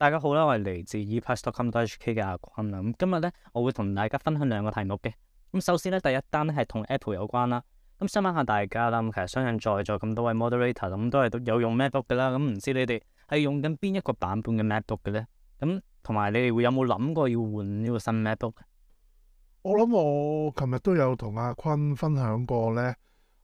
大家好啦，我係嚟自 ePass.com.hk 嘅阿坤啦。咁今日咧，我會同大家分享兩個題目嘅。咁首先咧，第一單咧係同 Apple 有關啦。咁想問下大家啦，咁其實相信在座咁多位 Moderator 咁都係有用 MacBook 噶啦。咁唔知你哋係用緊邊一個版本嘅 MacBook 嘅咧？咁同埋你哋會有冇諗過要換呢個新 MacBook？我諗我琴日都有同阿坤分享過咧。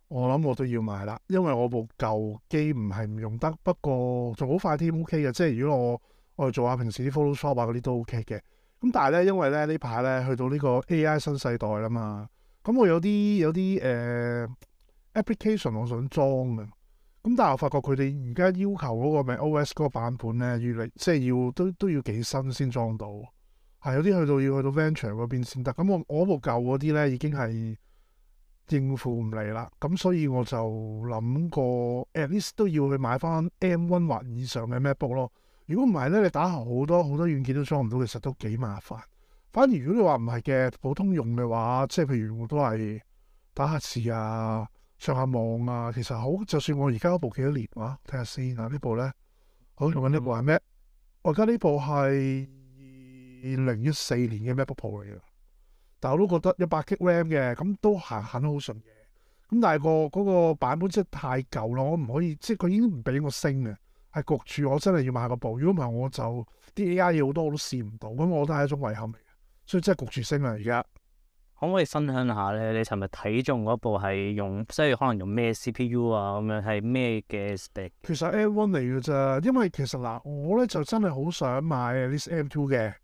我諗我都要買啦，因為我部舊機唔係唔用得，不過仲好快添 OK 嘅。即係如果我我哋做下平時啲 Photoshop 啊，嗰啲都 OK 嘅。咁但係呢，因為呢呢排呢去到呢個 AI 新世代啦嘛，咁我有啲有啲誒、uh, application 我想裝嘅。咁但係我發覺佢哋而家要求嗰個咩 OS 嗰個版本呢，越嚟即係要都都要幾新先裝到。係有啲去到要去到 Venture 嗰邊先得。咁我我部舊嗰啲呢已經係應付唔嚟啦。咁所以我就諗過，at least 都要去買翻 M1 或以上嘅 MacBook 咯。如果唔係咧，你打好多好多軟件都裝唔到，其實都幾麻煩。反而如果你話唔係嘅，普通用嘅話，即係譬如我都係打下字啊、上下網啊，其實好。就算我而家嗰部幾多年啊，睇下先啊，部呢部咧，好用緊呢部係咩？嗯、我而家呢部係二零一四年嘅 MacBook Pro 嚟啦，但我都覺得一百 K RAM 嘅咁都行行得好順嘅。咁但係個嗰個版本真係太舊啦，我唔可以即係佢已經唔俾我升嘅。係焗住，我真係要買個部。如果唔係，我就啲 AI 好多我都試唔到，咁我都係一種遺憾嚟嘅。所以真係焗住升啦，而家。可唔可以分享下咧？你尋日睇中嗰部係用，即係可能用咩 CPU 啊？咁樣係咩嘅 spec？其實 M1 嚟噶咋，因為其實嗱，我咧就真係好想買呢 M2 嘅。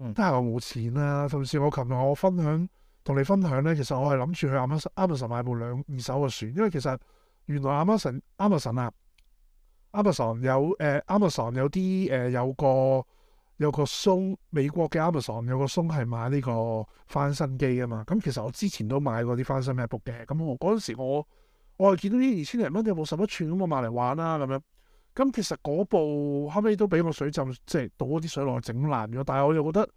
嗯、啊，但係我冇錢啦。同時我琴日我分享同你分享咧，其實我係諗住去 Amazon Amazon 買部兩二手嘅船，因為其實原來 Amazon Amazon 啊。Amazon 有誒、呃、Amazon 有啲誒、呃，有個有個松美國嘅 Amazon 有個松係買呢個翻新機啊嘛，咁、嗯、其實我之前都買過啲翻新 MacBook 嘅，咁、嗯、我嗰陣時我我係見到啲二千零蚊有冇十一寸咁，我有有買嚟玩啦、啊、咁樣，咁、嗯嗯、其實嗰部後尾都俾我水浸，即係倒咗啲水落去整爛咗，但係我又覺得誒、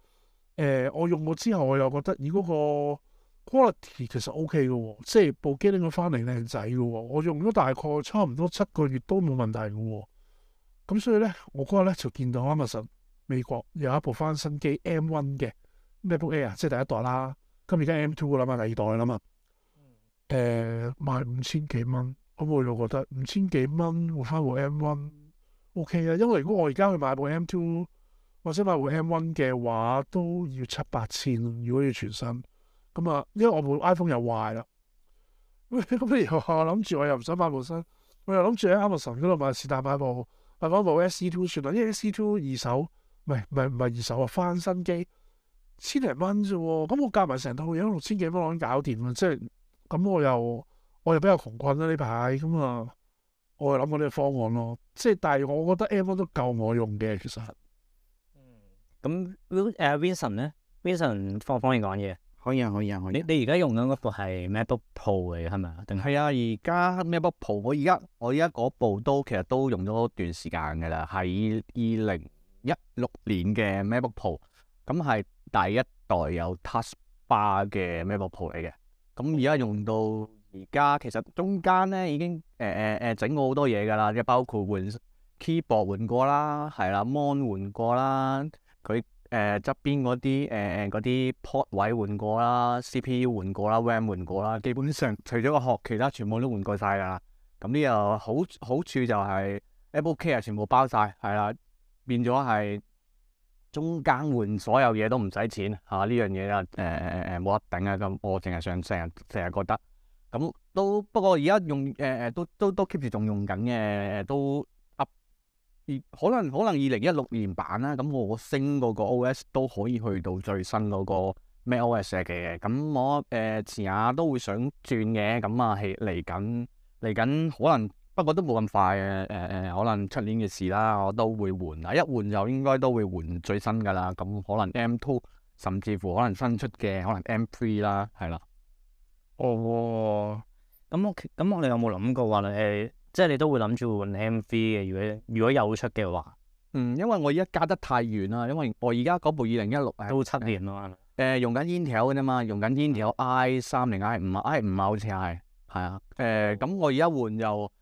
呃，我用過之後我又覺得咦，嗰、哎那個。Quality 其實 OK 嘅喎、哦，即係部機拎咗翻嚟靚仔嘅喎，我用咗大概差唔多七個月都冇問題嘅喎、哦。咁所以咧，我嗰日咧就見到 Amazon 美國有一部翻新機 M1 嘅 MacBook Air，即係第一代啦。咁而家 M2 啦嘛，第二代啦嘛。誒、呃、賣五千幾蚊，咁我就覺得五千幾蚊換翻部 M1 OK 啦。因為如果我而家去買部 M2，或者買部 M1 嘅話，都要七八千，如果要全新。咁啊，因為我部 iPhone 又壞啦，咁又話我諗住我又唔想買部新，我又諗住喺 Amazon 嗰度買，是但買部買翻部 SE two 算啦，因為 SE two 二手，唔係唔係唔係二手啊，翻新機千零蚊啫喎，咁我夾埋成套嘢六千幾蚊攞去搞掂啦，即係咁我又我又比較窮困啦呢排，咁啊，我係諗呢啲方案咯，即係但係我覺得 M1 都夠我用嘅其實。嗯，咁 Will 誒 Vincent 咧，Vincent 方唔方便講嘢？可以啊，可以啊，可以啊，你你而家用緊嗰部係 MacBook Pro 嚟嘅係咪啊？定係啊？係啊，而家 MacBook Pro，我而家我而家嗰部都其實都用咗好段時間噶啦，喺二零一六年嘅 MacBook Pro，咁係第一代有 Touch Bar 嘅 MacBook Pro 嚟嘅，咁而家用到而家，其實中間咧已經誒誒誒整過好多嘢噶啦，即係包括換 Keyboard 換過啦，係啦，Mon 換過啦，佢。誒，側邊嗰啲誒誒嗰啲 port 位換過啦，CPU 換過啦，RAM 換過啦，基本上除咗個殼，其他全部都換過晒噶啦。咁、嗯、呢、這個好好處就係 AppleCare 全部包晒，係啦，變咗係中間換所有嘢都唔使錢吓。呢樣嘢誒誒誒誒冇得頂啊！咁、呃呃、我淨係想成日成日覺得，咁、嗯、都不過而家用誒誒、呃、都都都 keep 住仲用緊嘅都。都可能可能二零一六年版啦，咁我升嗰個 O.S. 都可以去到最新嗰個咩 O.S. 嘅，咁我誒遲、呃、下都會想轉嘅，咁啊係嚟緊嚟緊，可能不過都冇咁快嘅，誒誒可能出年嘅事啦，我都會換啊，一換就應該都會換最新噶啦，咁可能 M2 甚至乎可能新出嘅可能 M3 啦，係啦。哦、咁、哦、我咁我哋有冇諗過話誒？哎即係你都會諗住換 M3 嘅，如果如果有出嘅話，嗯，因為我而家加得太遠啦，因為我而家嗰部二零一六誒都七年啦，誒用緊 Intel 嘅啫嘛，用緊 Int Intel、嗯、I 三定 I 五，I 五啊好似係，係啊，誒咁、哦呃嗯、我而家換又，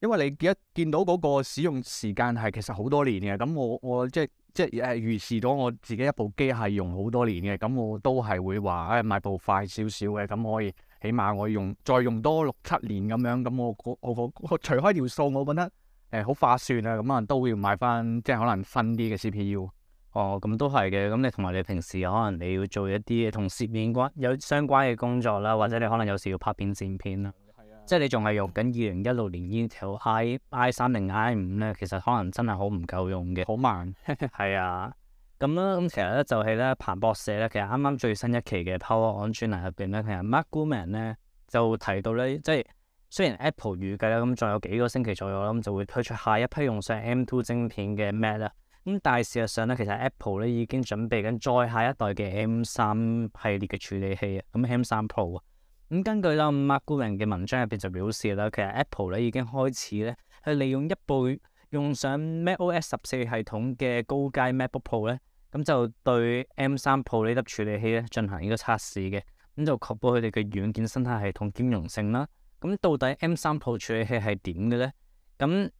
因為你一見到嗰個使用時間係其實好多年嘅，咁、嗯、我我即即係預示咗我自己一部機係用好多年嘅，咁、嗯、我都係會話誒、哎、買部快少少嘅，咁、嗯、可以。起碼我用再用多六七年咁樣，咁我我我，我除開條數，我覺得誒好划算啊，咁啊都要買翻即係可能分啲嘅 CPU。哦，咁都係嘅。咁你同埋你平時可能你要做一啲同攝影關有相關嘅工作啦，或者你可能有時要拍片剪片啦。係啊。即係你仲係用緊二零一六年 Intel 呢條 i i 三零 i 五咧，其實可能真係好唔夠用嘅。好慢。係 啊。咁啦，咁、嗯、其實咧就係咧彭博社咧，其實啱啱最新一期嘅 Power o n n u a l 入邊咧，其實 m a c g o m a n 咧就提到咧，即係雖然 Apple 預計咧咁仲有幾個星期左右啦，咁、嗯、就會推出下一批用上 M2 晶片嘅 Mac 啦。咁但係事實上咧，其實 Apple 咧已經準備緊再下一代嘅 M 三系列嘅處理器啊，咁 M 三 Pro 啊。咁、嗯、根據啦，咁 m c g o m a n 嘅文章入邊就表示啦，其實 Apple 咧已經開始咧去利用一倍用上 macOS 十四系統嘅高階 MacBook Pro 咧。咁就對 M3 Pro 呢粒處理器咧進行呢個測試嘅，咁就確保佢哋嘅軟件生態系統兼容性啦。咁到底 M3 Pro 處理器係點嘅咧？咁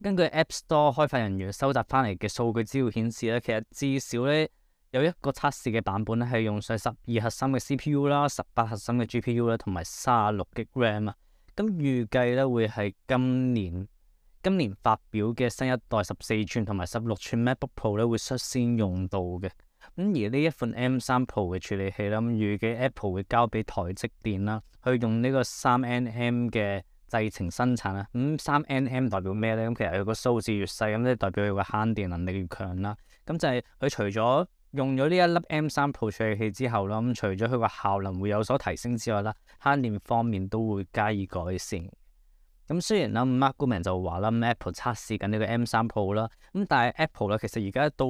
根據 App Store 開發人員收集翻嚟嘅數據資料顯示咧，其實至少咧有一個測試嘅版本咧係用上十二核心嘅 CPU 啦、十八核心嘅 GPU 啦，同埋三十六 G RAM 啊。咁預計咧會係今年。今年發表嘅新一代十四寸同埋十六寸 MacBook Pro 咧會率先用到嘅，咁而呢一款 M 三 Pro 嘅處理器啦，咁預計 Apple 會交俾台積電啦，去用呢個三 nm 嘅製程生產啦。咁、嗯、三 nm 代表咩咧？咁其實佢個數字越細，咁即係代表佢個慳電能力越強啦。咁就係佢除咗用咗呢一粒 M 三 Pro 處理器之後啦，咁除咗佢個效能會有所提升之外啦，慳電方面都會加以改善。咁雖然啦、啊、Mark Gurman 就話啦，MacBook 測試緊呢個 M 三 Pro 啦，咁但係 Apple 咧其實而家到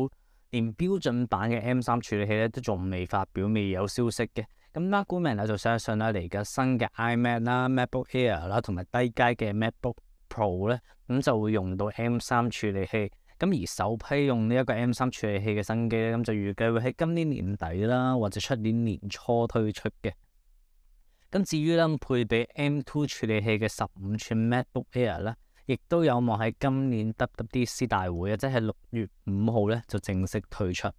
連標準版嘅 M 三處理器咧都仲未發表，未有消息嘅。咁 Mark Gurman 就相信啦，嚟緊新嘅 iMac 啦、MacBook Air 啦同埋低階嘅 MacBook Pro 咧，咁就會用到 M 三處理器。咁而首批用呢一個 M 三處理器嘅新機咧，咁就預計會喺今年年底啦，或者出年年初推出嘅。咁至於咧，配備 M 二處理器嘅十五寸 MacBook Air 咧，亦都有望喺今年 WWDC 大會啊，即係六月五號咧就正式推出。咁、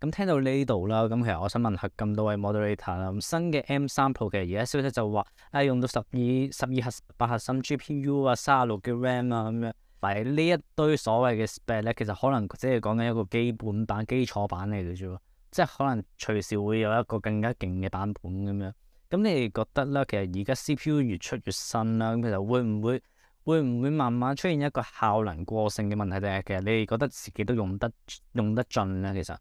嗯、聽到呢度啦，咁其實我想問下咁多位 Moderator 啦，咁新嘅 M 三 Pro 其實而家消息就話啊、哎，用到十二十二核八核心 GPU 啊，三十六嘅 RAM 啊咁樣，但係呢一堆所謂嘅 Spec 咧，其實可能即係講緊一個基本版、基礎版嚟嘅啫，即係可能隨時會有一個更加勁嘅版本咁樣。咁你哋覺得咧，其實而家 CPU 越出越新啦，咁其實會唔會會唔會慢慢出現一個效能過剩嘅問題，定其實你哋覺得自己都用得用得盡咧？其實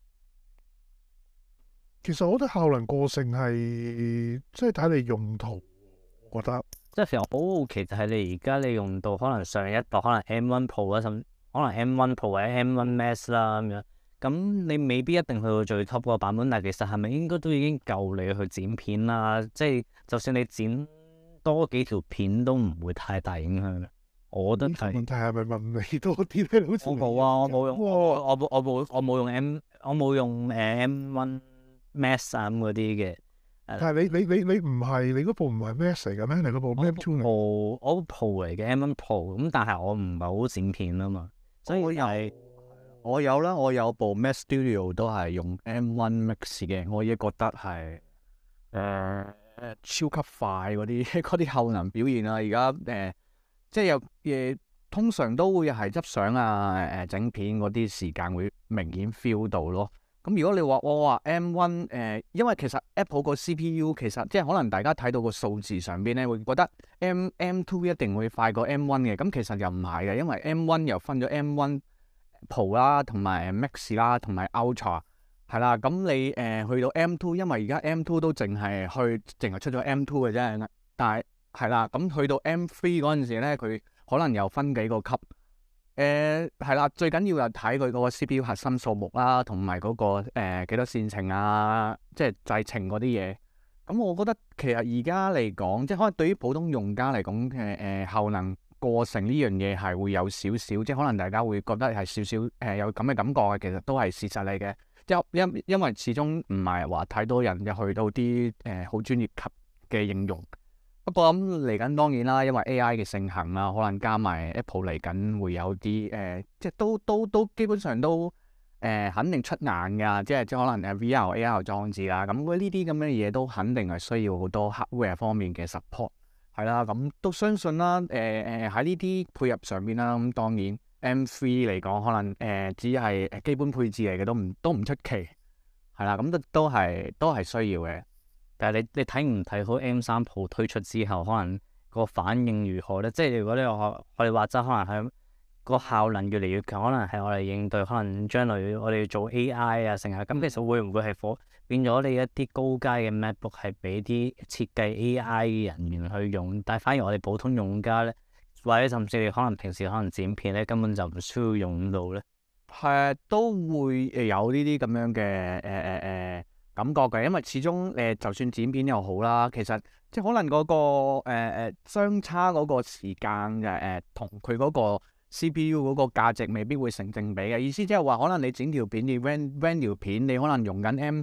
其實我覺得效能過剩係即係睇你用途，我覺得即係其實好，其實係你而家你用到可能上一代，可能 M1 Pro 啦，甚至可能 M1 Pro 或者 M1 Max 啦咁樣。咁你未必一定去到最 top 個版本，但係其實係咪應該都已經夠你去剪片啦，啊？即係就算你剪多幾條片都唔會太大影響啦。我覺得係。問題係咪問你多啲咧？好似我冇啊，我冇用，哦、我我冇我冇用 M，我冇用誒 M One Max 咁嗰啲嘅。但係你你你你唔係你嗰部唔係 Max 嚟嘅咩？你嗰部 M Two 啊 Pro 我 Pro 嚟嘅 M One Pro，咁但係我唔係好剪片啊嘛，所以係。我我有啦，我有部 Mac Studio 都係用 M One Max 嘅，我已亦覺得係誒、呃、超級快嗰啲、嗰啲效能表現啊！而家誒即係有誒、呃、通常都會係執相啊誒、呃、整片嗰啲時間會明顯 feel 到咯。咁、嗯、如果你話、哦、我話 M One 誒、呃，因為其實 Apple 個 CPU 其實即係可能大家睇到個數字上邊咧會覺得 M M Two 一定會快過 M One 嘅，咁其實又唔係嘅，因為 M One 又分咗 M One。Pro 啦，同埋 Max 啦，同埋 Ultra 係啦。咁你誒、呃、去到 M2，因為 M M 而家 M2 都淨係去淨係出咗 M2 嘅啫。但係係啦，咁、嗯、去到 M3 嗰陣時咧，佢可能又分幾個級。誒係啦，最緊要就睇佢嗰個 CPU 核心數目啦，同埋嗰個誒幾、呃、多線程啊，即係製程嗰啲嘢。咁、嗯、我覺得其實而家嚟講，即係可能對於普通用家嚟講，誒誒效能。過程呢樣嘢係會有少少，即係可能大家會覺得係少少，誒、呃、有咁嘅感覺嘅，其實都係事實嚟嘅。因因因為始終唔係話太多人入去到啲誒好專業級嘅應用。不過咁嚟緊當然啦，因為 A I 嘅盛行啦，可能加埋 Apple 嚟緊會有啲誒、呃，即係都都都基本上都誒、呃、肯定出眼噶，即係即係可能誒 V R A R 裝置啦。咁呢啲咁樣嘢都肯定係需要好多 hardware 方面嘅 support。係啦，咁、啊、都相信啦，誒誒喺呢啲配入上面啦，咁當然 M3 嚟講，可能誒、呃、只係基本配置嚟嘅，都唔都唔出奇，係啦、啊，咁都都係都係需要嘅。但係你你睇唔睇好 M3 Pro 推出之後，可能個反應如何咧？即係如果你我我哋話齋，可能係個效能越嚟越強，可能係我哋應對可能將來我哋做 AI 啊成日咁其實會唔會係火？變咗你一啲高階嘅 MacBook 係俾啲設計 AI 人員去用，但係反而我哋普通用家咧，或者甚至你可能平時可能剪片咧，根本就唔需要用到咧。係啊，都會誒有呢啲咁樣嘅誒誒誒感覺嘅，因為始終誒、呃、就算剪片又好啦，其實即係可能嗰、嗰個誒、呃、相差嗰個時間誒同佢嗰個 CPU 嗰個價值未必會成正比嘅意思，即係話可能你剪條片你 render ren 條片，你可能用緊 M。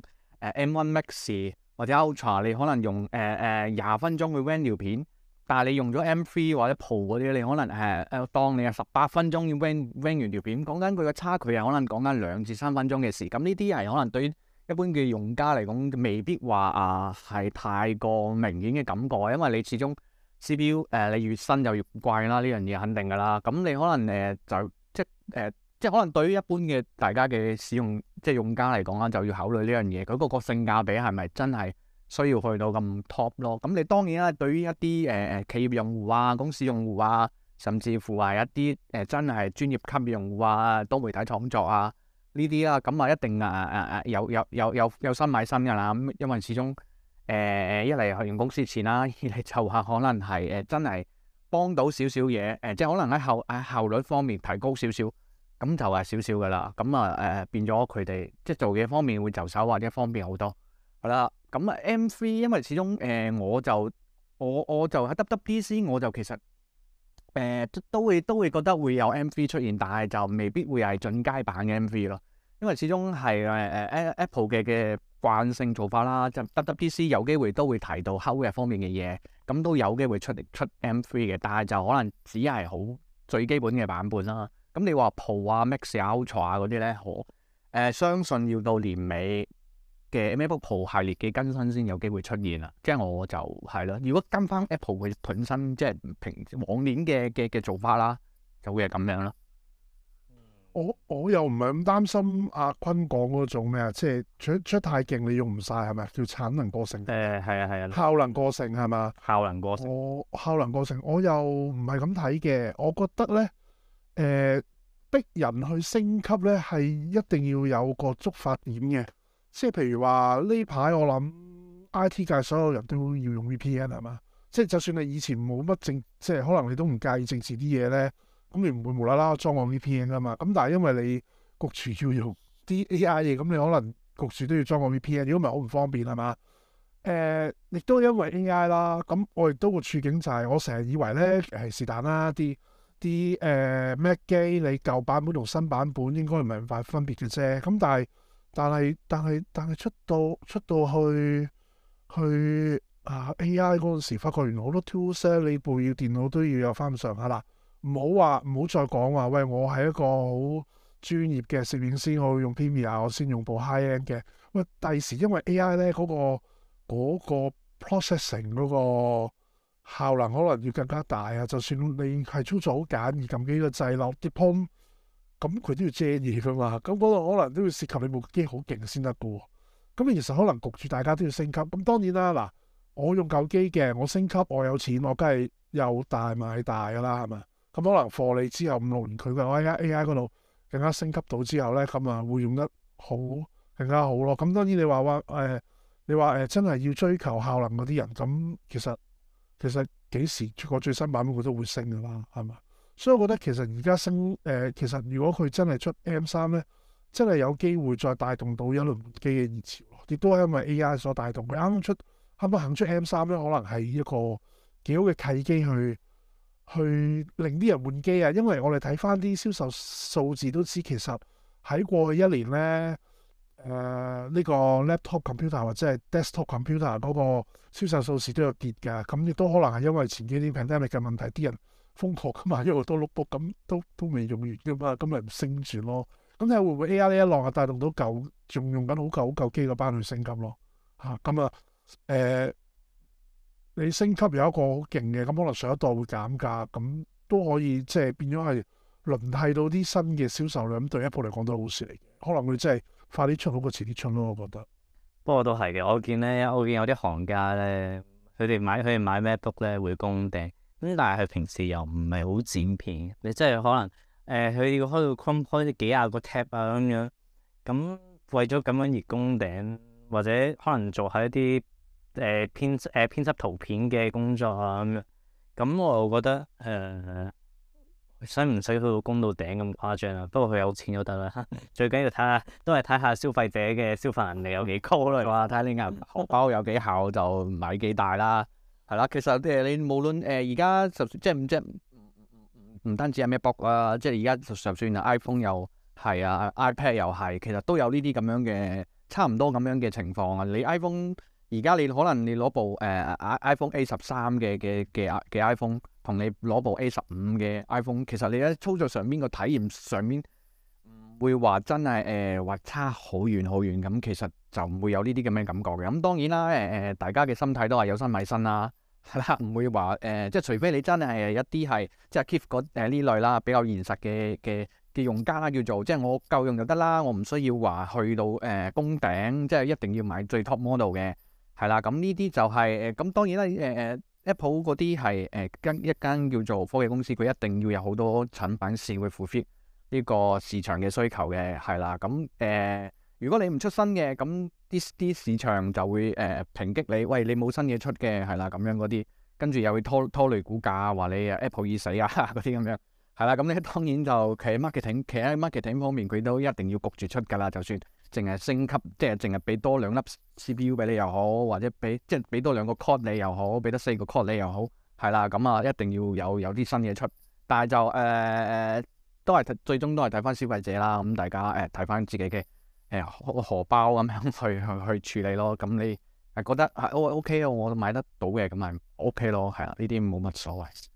誒 M1 Max 或者 Ultra，你可能用誒誒廿分鐘去 render 片，但係你用咗 M3 或者 Pro 嗰啲，你可能誒、呃、當你係十八分鐘要 render render 完條片，講緊佢嘅差距係可能講緊兩至三分鐘嘅事。咁呢啲係可能對於一般嘅用家嚟講，未必話啊係太過明顯嘅感覺，因為你始終 CPU 誒、呃、你越新就越貴啦，呢樣嘢肯定噶啦。咁你可能誒、呃、就、呃、即係、呃、即係可能對於一般嘅大家嘅使用。即係用家嚟講啦，就要考慮呢樣嘢，佢嗰個個性價比係咪真係需要去到咁 top 咯？咁、嗯、你當然啦，對於一啲誒誒企業用戶啊、公司用戶啊，甚至乎話一啲誒、呃、真係專業級用戶啊、多媒體創作啊呢啲啊，咁、嗯、啊、嗯、一定啊啊啊有有有有有新買新㗎啦、嗯，因為始終誒誒一嚟用公司錢啦、啊，二嚟就客可能係誒、呃、真係幫到少少嘢，誒、呃、即係可能喺效誒效率方面提高少少。咁就係少少噶啦，咁啊誒變咗佢哋即係做嘢方面會就手或者方便好多，係啦。咁啊 M 三，因為始終誒、呃、我就我我就喺 WPC，我就其實誒、呃、都會都會覺得會有 M 三出現，但係就未必會係進階版嘅 M 三咯。因為始終係誒誒 Apple 嘅嘅慣性做法啦，就 WPC 有機會都會提到 h 摳嘅方面嘅嘢，咁都有機會出出 M 三嘅，但係就可能只係好最基本嘅版本啦。咁你話 Pro 啊、Max、Ultra 啊嗰啲咧，我誒、呃、相信要到年尾嘅 Apple Pro 系列嘅更新先有機會出現啊，即係我就係咯。如果跟翻 Apple 佢本身，即係平往年嘅嘅嘅做法啦，就會係咁樣咯。我我又唔係咁擔心阿坤講嗰種咩、呃、啊，即係出出太勁你用唔晒係咪？叫產能過剩。誒，係啊，係啊。效能過剩係嘛？效能過剩。我效能過剩，我又唔係咁睇嘅。我覺得咧。誒、呃，逼人去升級咧，係一定要有個觸發點嘅。即係譬如話呢排，我諗 IT 界所有人都要用 VPN 係嘛？即係就算你以前冇乜正，即係可能你都唔介意政治啲嘢咧，咁你唔會無啦啦裝個 VPN 㗎嘛？咁但係因為你焗住要用啲 AI 嘢，咁你可能焗住都要裝個 VPN，如果唔係好唔方便係嘛？誒、呃，亦都因為 AI 啦，咁我亦都個處境就係、是、我成日以為咧係是但啦啲。啲誒、呃、Mac 機你舊版本同新版本應該唔係咁快分別嘅啫，咁、嗯、但係但係但係但係出到出到去去啊 AI 嗰陣時，發覺原來好多 tools 咧，你部要電腦都要有翻咁上下啦。唔好話唔好再講話，喂，我係一個好專業嘅攝影師，我會用 Premiere 我先用部 high end 嘅。喂，第時因為 AI 咧嗰個嗰個 processing 嗰個。那個那個效能可能要更加大啊！就算你係操作好簡易，撳幾個掣落跌盤，咁佢都要借嘢噶嘛。咁嗰度可能都要涉及你部機好勁先得噶。咁其實可能焗住大家都要升級。咁當然啦、啊，嗱，我用舊機嘅，我升級，我有錢，我梗係有大買大噶啦，係咪？咁可能貨你之後五六年，佢個 A I A I 嗰度更加升級到之後咧，咁咪會用得好更加好咯。咁當然你話話誒，你話誒真係要追求效能嗰啲人，咁其實。其實幾時出個最新版本，佢都會升噶啦，係嘛？所以我覺得其實而家升誒、呃，其實如果佢真係出 M 三咧，真係有機會再帶動到一輪換機嘅熱潮咯。亦都係因為 A I 所帶動。佢啱出，係咪行出 M 三咧？可能係一個幾好嘅契機去，去去令啲人換機啊。因為我哋睇翻啲銷售數字都知，其實喺過去一年咧。誒呢、uh，個 laptop computer 或者係 desktop computer 嗰個銷售數字都有跌嘅，咁亦都可能係因為前幾年 pandemic 嘅問題，啲人瘋狂啊嘛，一路都碌 book，咁都都未用完噶嘛，咁咪唔升住咯。咁你會唔會 AR 呢一浪帶動到舊仲用緊好舊好舊機嘅班去升級咯？嚇、啊，咁啊誒、呃，你升級有一個好勁嘅，咁可能上一代會減價，咁都可以即係變咗係輪替到啲新嘅銷售量，咁對 Apple 嚟講都好事嚟嘅，可能佢真係。快啲出好過遲啲出咯，我覺得。不過都係嘅，我見咧，我見有啲行家咧，佢哋買佢哋買 MacBook 咧會攻頂，咁但係佢平時又唔係好剪片。你真係可能誒，佢、呃、要開到 Ctrl 開幾廿個 tab 啊咁樣。咁為咗咁樣而攻頂，或者可能做下一啲誒、呃、編誒、呃、編輯圖片嘅工作啊咁樣。咁我覺得誒，呃使唔使去到公到頂咁誇張啦、啊，不過佢有錢就得啦、啊。最緊要睇下，都係睇下消費者嘅消費能力有幾高咯。哇！睇你銀包有幾厚就唔買幾大啦，係啦、啊。其實誒，你無論誒而家就即係唔知唔唔唔唔單止係咩 book 啊，即係而家就就算啊 iPhone 又係啊 iPad 又係，其實都有呢啲咁樣嘅差唔多咁樣嘅情況啊。你 iPhone 而家你可能你攞部誒、呃、iPhone A 十三嘅嘅嘅 iPhone 同你攞部 A 十五嘅 iPhone，其實你喺操作上邊個體驗上面唔會話真係誒話差好遠好遠，咁、嗯，其實就唔會有呢啲咁嘅感覺嘅。咁、嗯、當然啦，誒、呃、誒大家嘅心態都係有新買新啦，係 啦，唔會話誒即係除非你真係一啲係即係 Keep 嗰誒呢類啦，比較現實嘅嘅嘅用家啦，叫做即係我夠用就得啦，我唔需要話去到誒誒、呃、攻頂即係一定要買最 top model 嘅。係啦，咁呢啲就係、是、誒，咁、呃、當然啦，誒、呃、誒，Apple 嗰啲係誒跟一間叫做科技公司，佢一定要有好多產品線去符合呢個市場嘅需求嘅，係、嗯、啦，咁、呃、誒，如果你唔出新嘅，咁啲啲市場就會誒抨擊你，喂，你冇新嘢出嘅，係、嗯、啦，咁樣嗰啲，跟住又會拖拖累股價、啊，話你 Apple 已死啊嗰啲咁樣，係、嗯、啦，咁、嗯、咧、嗯、當然就企喺 marketing 企喺 marketing 方面，佢都一定要焗住出噶啦，就算。淨係升級，即係淨係俾多兩粒 C P U 俾你又好，或者俾即係俾多兩個 core 你又好，俾得四個 core 你又好，係啦，咁啊一定要有有啲新嘢出，但係就誒、呃、都係最終都係睇翻消費者啦，咁、嗯、大家誒睇翻自己嘅誒、欸、荷包咁樣去去去處理咯，咁、嗯、你誒覺得係 O K 啊，okay, 我買得到嘅咁咪 O K 咯，係啦，呢啲冇乜所謂。